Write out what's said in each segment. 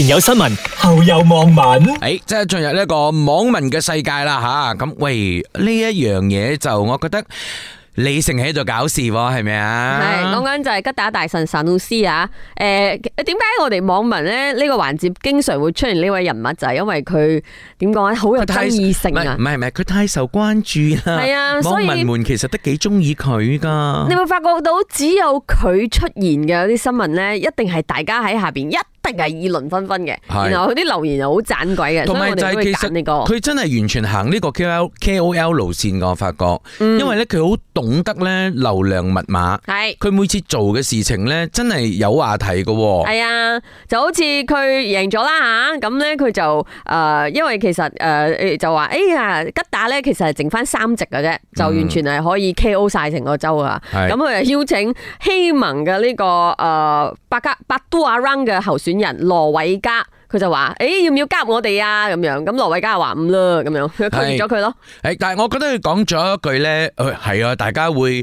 前有新聞，後有網民。誒、哎，即係進入呢一個網民嘅世界啦，吓、啊？咁。喂，呢一樣嘢就我覺得。李成喺度搞事喎，係咪啊？係講緊就係吉打大臣沙努西啊！誒，點解我哋網民咧呢個環節經常會出現呢位人物？就係、是、因為佢點講咧，好有爭議性啊！唔係唔係，佢太受關注啦。係啊，網民們其實都幾中意佢噶。你有，有發覺到只有佢出現嘅啲新聞咧，一定係大家喺下邊一定係議論紛紛嘅。是然後佢啲留言又好盞鬼嘅。同埋就係、是這個、其實佢真係完全行呢個 KOL KOL 路線嘅，我發覺。因為咧佢好動。懂得咧流量密碼，係佢每次做嘅事情咧，真係有話題嘅。係啊，就好似佢贏咗啦吓，咁咧佢就誒，因為其實誒就話哎呀，吉打咧其實係剩翻三席嘅啫，就完全係可以 KO 晒成個州啊。咁佢就邀請希盟嘅呢個誒，百加百都阿 Run 嘅候選人羅偉嘉。佢就話，誒，要唔要加入我哋啊？咁樣，咁羅偉嘉就話唔啦，咁樣，佢拒絕咗佢咯。誒，但係我覺得佢講咗一句咧，係啊，大家會誒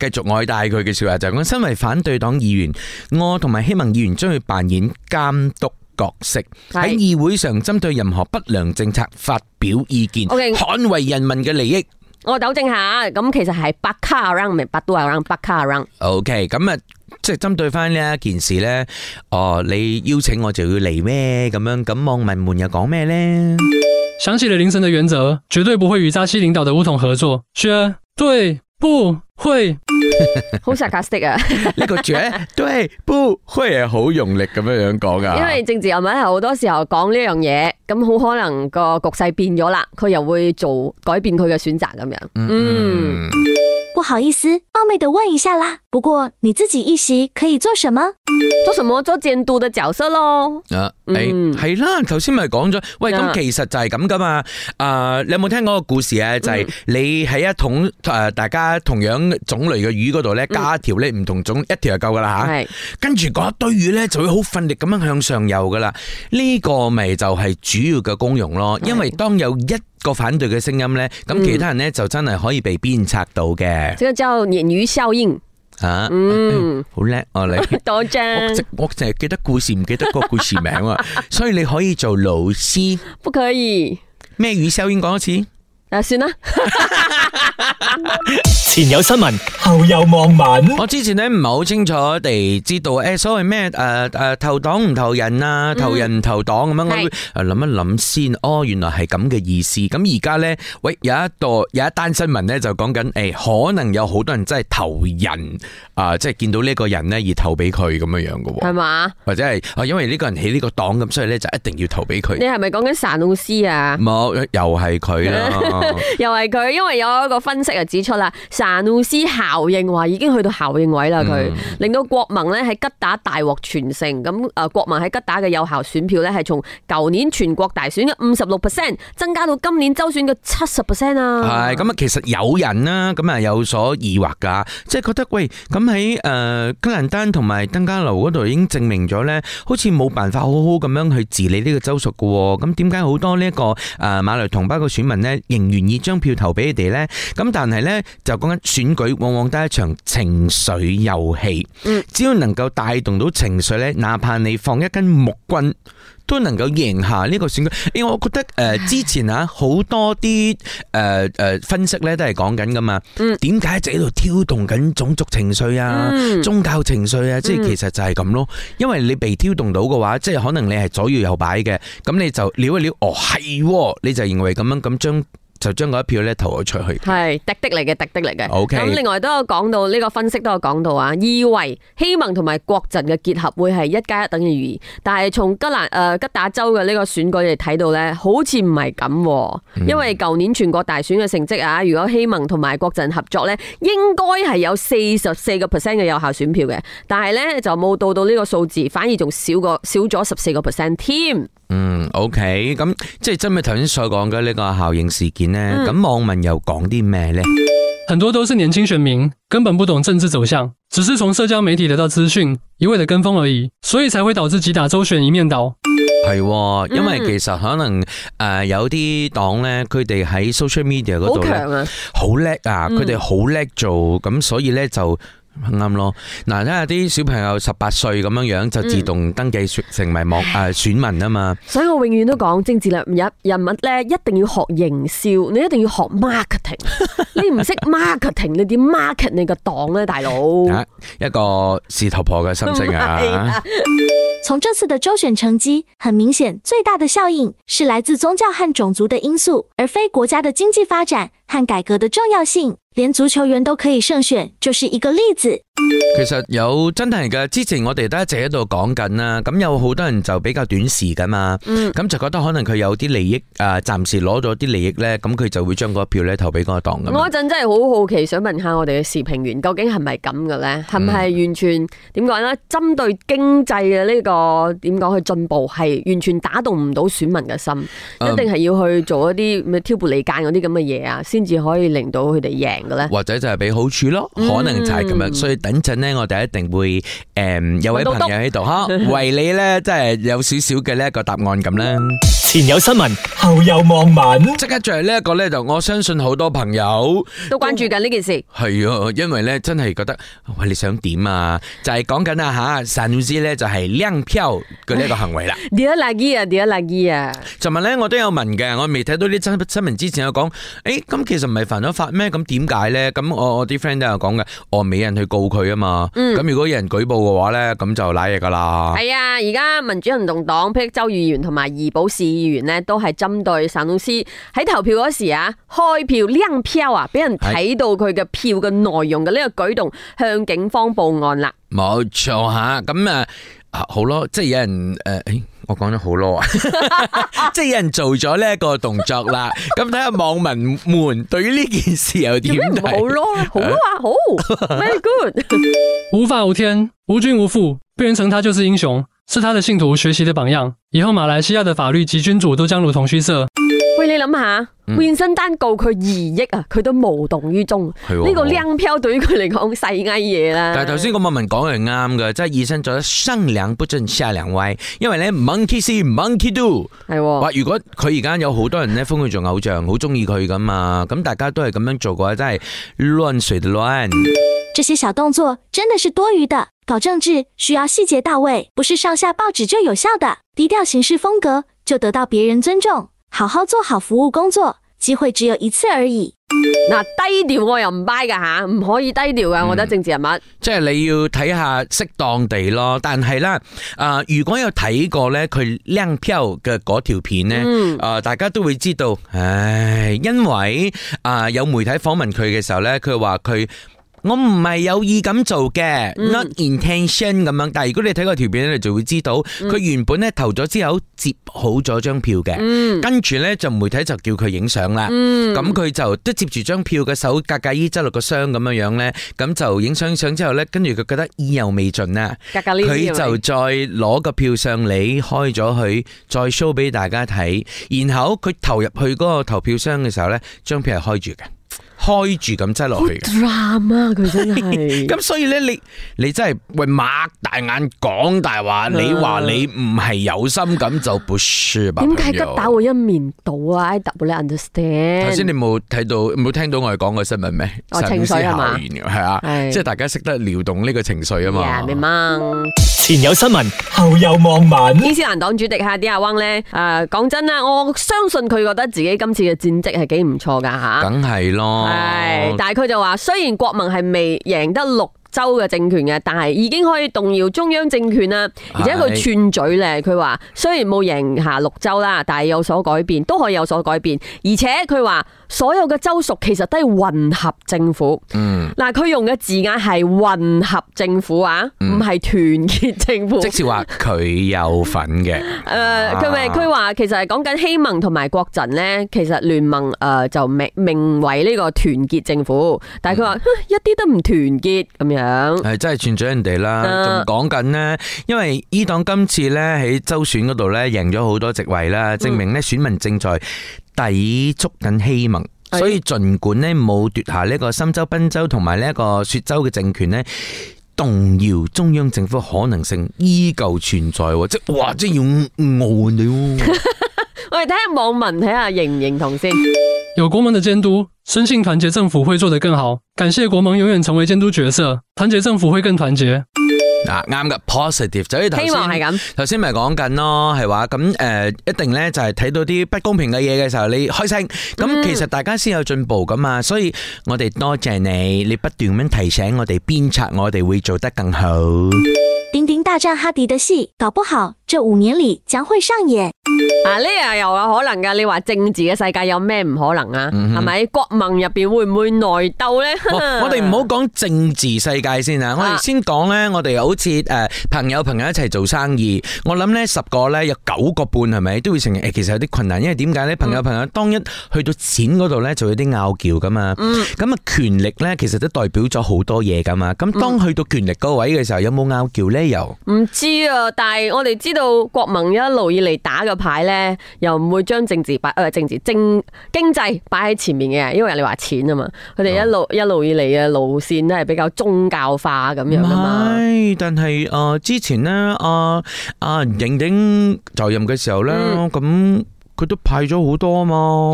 繼續愛戴佢嘅說話，就係講身為反對黨議員，我同埋希盟議員將去扮演監督角色，喺議會上針對任何不良政策發表意見，捍衛人民嘅利益。我糾正下，咁其實係白卡阿生，唔係白都阿生，白卡阿生。OK，咁啊。即係針對翻呢一件事咧，哦、呃，你邀請我就要嚟咩咁樣？咁網民們又講咩咧？想起了凌晨的原則，絕對不會與扎西領導的巫統合作。絕對，不會。好 sarcastic 啊！呢個絕對不會係好用力咁樣樣講啊。 因為政治人物咧，好多時候講呢樣嘢，咁好可能個局勢變咗啦，佢又會做改變佢嘅選擇咁樣。嗯，嗯。 不好意思，冒昧地問一下啦。不過你自己一席可以做什麼？做什麼？做監督的角色咯。啊，誒、嗯，係、哎、啦。頭先咪講咗，喂，咁其實就係咁噶嘛。誒、呃，你有冇聽過個故事啊？嗯、就係你喺一桶誒、呃，大家同樣種類嘅魚嗰度咧，加一條咧唔同種，嗯、一條就夠噶啦吓。係、嗯啊。跟住嗰一堆魚咧，就會好奮力咁樣向上游噶啦。呢、這個咪就係主要嘅功用咯。因為當有一個反對嘅聲音咧，咁其他人咧、嗯、就真係可以被鞭策到嘅。即個叫鯰魚效應啊，嗯，好叻、哎、啊你 多謝真。我淨係記得故事，唔記得個故事名、啊， 所以你可以做老師，不可以咩魚效應？講多次。誒，算啦。 前有新聞，後有網民。我之前咧唔係好清楚地知道誒，所謂咩誒誒投黨唔投人啊，投人唔投黨咁樣。嗯、我誒諗一諗先，是哦，原來係咁嘅意思。咁而家咧，喂，有一度有一單新聞咧，就講緊誒，可能有好多人真係投人啊，即係見到呢個人咧而投俾佢咁樣樣嘅。係嘛嗎？或者係啊？因為呢個人起呢個黨咁，所以咧就一定要投俾佢。你係咪講緊沙老師啊？冇，又係佢啦。 又係佢，因為有一個分析就指出啦，薩努斯效應話已經去到效應位啦，佢令到國民咧喺吉打大獲全勝。咁誒，國民喺吉打嘅有效選票呢，係從舊年全國大選嘅五十六 percent 增加到今年周選嘅七十 percent 啊。係咁啊，其實有人啦，啊，咁啊有所疑惑噶，即係覺得喂，咁喺誒吉蘭丹同埋登加樓嗰度已經證明咗呢，好似冇辦法好好咁樣去治理呢個州屬噶、啊。咁點解好多呢一個誒馬來同胞嘅選民呢，仍，願意將票投俾你哋呢？咁但係呢，就講緊選舉，往往都係一場情緒遊戲。只要能夠帶動到情緒呢，哪怕你放一根木棍，都能夠贏下呢個選舉。欸、我覺得誒、呃、之前啊，好多啲誒誒分析呢都係講緊噶嘛。點解就喺度挑動緊種族情緒啊、宗教情緒啊？即係、嗯、其實就係咁咯。因為你被挑動到嘅話，即係可能你係左搖右，右擺嘅，咁你就撩一撩，哦係、哦，你就認為咁樣咁將。就將嗰一票咧投咗出去，係滴滴嚟嘅，滴滴嚟嘅。Ok。咁另外都有講到呢個分析都有講到啊，以為希盟同埋國陣嘅結合會係一加一等於二，但係從吉蘭誒吉打州嘅呢個選舉嚟睇到咧，好似唔係咁。因為舊年全國大選嘅成績啊，如果希盟同埋國陣合作咧，應該係有四十四個 percent 嘅有效選票嘅，但係咧就冇到到呢個數字，反而仲少過少咗十四個 percent 添。嗯，OK，咁即係真係頭先所講嘅呢個效應事件呢？咁、嗯、網民又講啲咩呢？很多都是年輕選民，根本不懂政治走向，只是從社交媒體得到資訊，一味的跟風而已，所以才會導致幾大州選一面倒。係話、哦，因為其實可能誒、嗯呃、有啲黨呢，佢哋喺 social media 嗰度咧，好叻啊，佢哋好叻做，咁所以呢就。啱咯，嗱，睇下啲小朋友十八歲咁樣樣就自動登記成、嗯、成為網誒唉選民啊嘛，所以我永遠都講政治略唔人人物咧一定要學營銷，你一定要學 marketing， 你唔識 marketing，你點 market 你個黨咧，大佬、啊？一個石頭婆嘅心聲啊！從、 啊、這次嘅州選成績，很明顯，最大的效應是來自宗教和種族的因素，而非國家的經濟發展和改革的重要性。連足球員都可以勝選，就是一個例子。其實有真係噶，之前我哋都一直喺度講緊啦。咁有好多人就比較短視噶嘛，咁就覺得可能佢有啲利益誒，暫時攞咗啲利益咧，咁佢就會將嗰個票咧投俾嗰個黨。我嗰陣真係好好奇，想問下我哋嘅時評員，究竟係咪咁嘅咧？係唔係完全點講咧？針對經濟嘅呢個點講去進步，係完全打動唔到選民嘅心，一定係要去做一啲咩挑撥離間嗰啲咁嘅嘢啊，先至可以令到佢哋贏嘅咧？或者就係俾好處咯，可能就係咁樣，所以。等陣咧，我哋一定會誒有位朋友喺度，吓為你咧，真係有少少嘅呢一個答案咁啦。前有新聞，後有網民，即係就係呢一個咧，就我相信好多朋友都關注緊呢件事。係啊，因為咧真係覺得喂你想點啊？就係講緊啊吓，甚至咧就係亮票嘅呢一個行為啦。Dear lucky 啊，Dear lucky 啊，尋日咧我都有問嘅，我未睇到呢則新聞之前，我講誒咁其實唔係犯咗法咩？咁點解咧？咁我我啲 friend 都有講嘅，我冇人去告。佢啊嘛，咁、嗯、如果有人舉報嘅話咧，咁就瀨嘢噶啦。係啊，而家民主行動黨霹靂州議員同埋怡保市議員咧，都係針對沙努西喺投票嗰時啊，開票亮票啊，俾人睇到佢嘅票嘅內容嘅呢個舉動，向警方報案啦。冇錯吓，咁啊好咯，即係有人誒。呃哎我講咗好囉啊， 即係有人做咗呢一個動作啦，咁睇下網民們對於呢件事又點睇？好囉，好啊，好，very good。無法無天，無君無父，變成他就是英雄，是他的信徒學習的榜樣。以後馬來西亞的法律及君主都將如同虛設。 你諗下，變身單告佢二億啊，佢都無動於衷。呢、哦、個亮票對於佢嚟講好細埃嘢啦。但係頭先個網民講係啱嘅，即係醫生做得上梁不正下梁歪，因為咧 monkey see monkey do 係、哦。話如果佢而家有好多人咧封佢做偶像，好中意佢咁嘛。咁大家都係咁樣做嘅，真係亂誰的亂。這些小動作真的是多餘的，搞政治需要細節到位，不是上下報紙就有效的。低調行事風格就得到別人尊重。好好做好服務工作，機會只有一次而已。嗱，低調我又唔 buy 㗎，噶吓，唔可以低調噶，我覺得政治人物。即係你要睇下適當地咯，但係啦、呃、如果有睇過咧佢亮票嘅嗰條片咧、呃，大家都會知道，唉，因為、呃、有媒體訪問佢嘅時候咧，佢話佢。我唔係有意咁做嘅，not intention 咁樣。但係如果你睇個條片咧，你就會知道佢原本咧投咗之後接好咗張票嘅，跟住咧就媒體就叫佢影相啦。咁佢就都接住張票嘅手，格格呢執落個箱咁樣樣咧，咁就影相相之後咧，跟住佢覺得意猶未盡啦，格格呢，佢就再攞個票上嚟開咗佢，再 show 俾大家睇。然後佢投入去嗰個投票箱嘅時候咧，張票係開住嘅。開住咁擠落去，好慘啊！佢真係，咁所以咧，你你真係喂擘大眼講大話，你話你唔係有心咁做本書吧？點解吉打我一面倒啊？I don't understand。頭先你冇睇到，冇聽到我哋講嘅新聞咩？我情緒係嘛，係啊，即係大家識得撩動呢個情緒啊嘛。前有新聞，後有網民。伊斯蘭黨主席哈迪阿旺咧，誒、呃、講真啦，我相信佢覺得自己今次嘅戰績係幾唔錯㗎嚇。梗、啊、係然咯、哎，但係佢就話，雖然國盟係未贏得六州嘅政權嘅，但係已經可以動搖中央政權啦。而且佢串嘴咧，佢話，雖然冇贏下六州啦，但係有所改變，都可以有所改變。而且佢話所有嘅州屬其實都係混合政府。嗯，嗱，佢用嘅字眼係混合政府啊，唔係團結政府。嗯、即是話佢有份嘅。誒，佢咪佢話其實係講緊希盟同埋國陣咧，其實聯盟誒就命名為呢個團結政府，但係佢話一啲都唔團結咁樣。係、嗯嗯嗯、真係串咗人哋啦，仲講緊呢，因為伊黨今次呢喺州選嗰度呢贏咗好多席位啦，證明呢，選民正在抵觸緊希盟，嗯、所以盡管呢冇奪下呢個森州、檳州同埋呢一個雪州嘅政權呢，動搖中央政府可能性依舊存在，即係哇，真要餓了， 我哋睇下網民睇下認唔認同先，有公民的監督。深信團結，政府會做得更好。感謝國盟永遠成為監督角色，團結政府會更團結。啱嘅、啊、positive 就係希望係咁。頭先咪講緊咯，係話咁誒，一定咧就係睇到啲不公平嘅嘢嘅時候，你開聲。咁其實大家先有進步噶嘛，所以我哋多謝，謝你，你不斷咁提醒我哋鞭策，我哋會做得更好。丁丁大戰哈迪的戲搞不好。這五年裏將會上演啊呢樣又有可能噶？你話政治嘅世界有咩唔可能啊？係咪國盟入邊會唔會內鬥咧？我哋唔好講政治世界先啊，我哋先講咧，我哋好似誒朋友朋友一齊做生意，我諗咧十個咧有九個半係咪都會成誒？其實有啲困難，因為點解咧？朋友朋友當一去到錢嗰度咧就有啲拗撬噶嘛。嗯，咁啊權力咧其實都代表咗好多嘢噶嘛。咁當去到權力高位嘅時候，有冇拗撬咧？又唔知啊，但係我哋知道。到國盟一、呃、一,一路以嚟打嘅牌咧，又唔會將政治擺誒政治政經濟擺喺前面嘅，因為人哋話錢啊嘛，佢哋一路一路以嚟嘅路線都係比較宗教化咁樣噶嘛。唔係，但係啊、呃，之前咧啊啊，瑩、呃、瑩就任嘅時候咧，咁、嗯。佢都派咗好多啊嘛，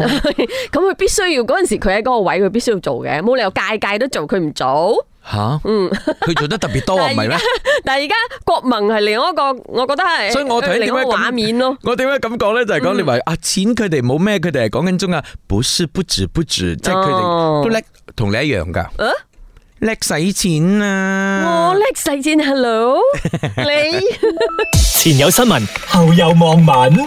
咁佢必須要嗰陣時佢喺嗰個位，佢必須要做嘅，冇理由界界都做，佢唔做吓，嗯，佢做得特別多唔係咩？但係而家國盟係另外一個，我覺得係，所以我睇你解咁畫面咯？我點解咁講咧？就係講你話啊，錢佢哋冇咩，佢哋係講緊中啊，不是不止不止，即係佢哋都叻同你一樣噶，叻使錢啊，我叻使錢，hello，你前有新聞，後有網民。